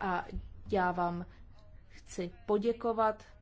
a já vám chci poděkovat